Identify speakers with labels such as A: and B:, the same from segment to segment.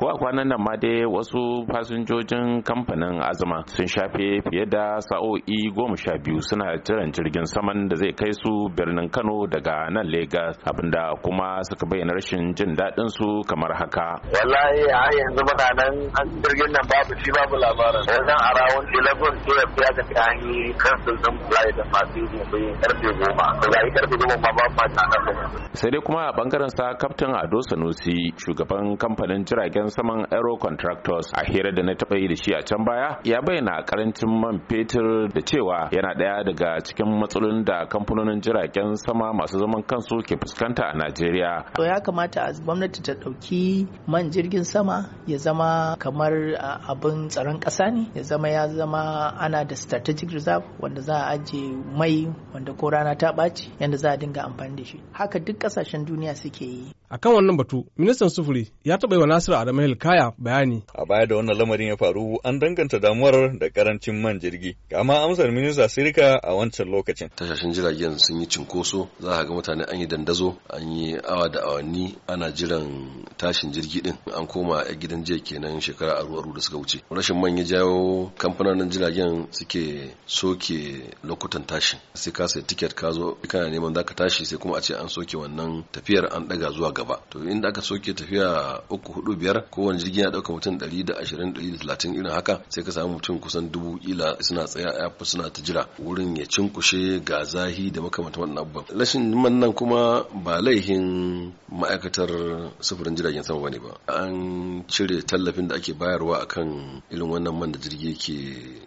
A: ko a kwanan nan ma dai wasu fasinjojin kamfanin azuma sun shafe fiye da sa'o'i goma sha biyu suna jiran jirgin saman da zai kai su birnin kano daga nan Legas, abinda kuma suka bayyana rashin jin daɗin su kamar haka
B: wallahi
C: a yanzu
A: muna nan an jirgin nan babu shi babu labarin yanzu a rawun 11 ko ya fiya ga ta hanyi kan din flight da masu karfe goma da yi karfe goma ma ba ma sai dai kuma a bangaren sa kaftin ado sanusi shugaban kamfanin jiragen saman aero contractors a hira da na taɓa yi da shi a can baya ya bayyana karancin man fetur da cewa yana ɗaya daga cikin matsalolin da kamfanonin jiragen sama masu zaman kansu ke fuskanta a najeriya
C: to ya kamata a gwamnati ta ɗauki man jirgin sama ya zama kamar abin tsaron ƙasa ne ya zama ya zama ana da strategic reserve wanda za a ajiye mai wanda ko rana ta ɓaci yadda za a dinga amfani da shi haka duk ƙasashen duniya suke yi
D: A kan wannan batu ministan sufuri ya taɓa yi wa nasiru adamu hilkaya bayani a baya da wannan lamarin ya faru an danganta damuwar da karancin man jirgi kama amsar minista sirika a wancan lokacin tashashin jiragen sun yi cinkoso za a ga mutane an yi dandazo an yi awa da awanni ana jiran tashin jirgi din an koma a gidan jiya kenan shekara aru aru da suka wuce rashin man ya jawo kamfanonin jiragen suke soke lokutan tashi sai ka sai tiket ka zo kana neman zaka tashi sai kuma a ce an soke wannan tafiyar an ɗaga zuwa gaba to inda aka soke tafiya uku hudu biyar kowane jirgin ya dauka mutum ɗari da ashirin ɗari da talatin irin haka sai ka samu mutum kusan dubu ila suna tsaya a suna ta jira wurin ya cinkushe ga zahi da makamantan wannan abubuwan rashin nan kuma ba laihin ma'aikatar sufurin jiragen sama bane ba an cire tallafin da ake bayarwa akan irin wannan man da jirgi ke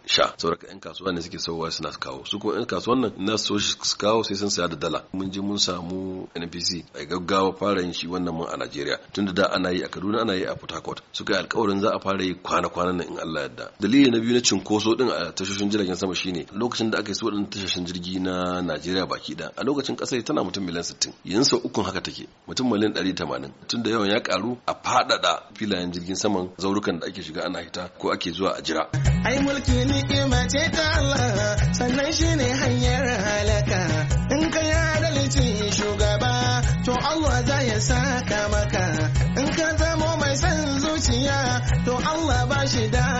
D: sha sauraka yan kasuwa ne suke sauwa suna kawo su kuma yan kasuwa nan na so su kawo sai sun saya da dala mun je mun samu npc a gaggawa fara yin shi wannan mun a Najeriya tunda da ana yi a Kaduna ana yi a Port Harcourt suka yi alƙawarin za a fara yi kwana-kwanan nan in Allah yarda dalili na biyu na cinkoso din a tashoshin jiragen sama shine lokacin da aka yi wadannan tashoshin jirgi na Najeriya baki da a lokacin ƙasar tana mutum miliyan 60 yanzu sau ukun haka take mutum miliyan 180 da yawan ya karu a faɗaɗa filayen jirgin saman zaurukan da ake shiga ana hita ko ake zuwa a jira ai mulki ni ce ta Allah sannan shine
B: hanya saka maka in ka zamo mai son zuciya to Allah ba shi da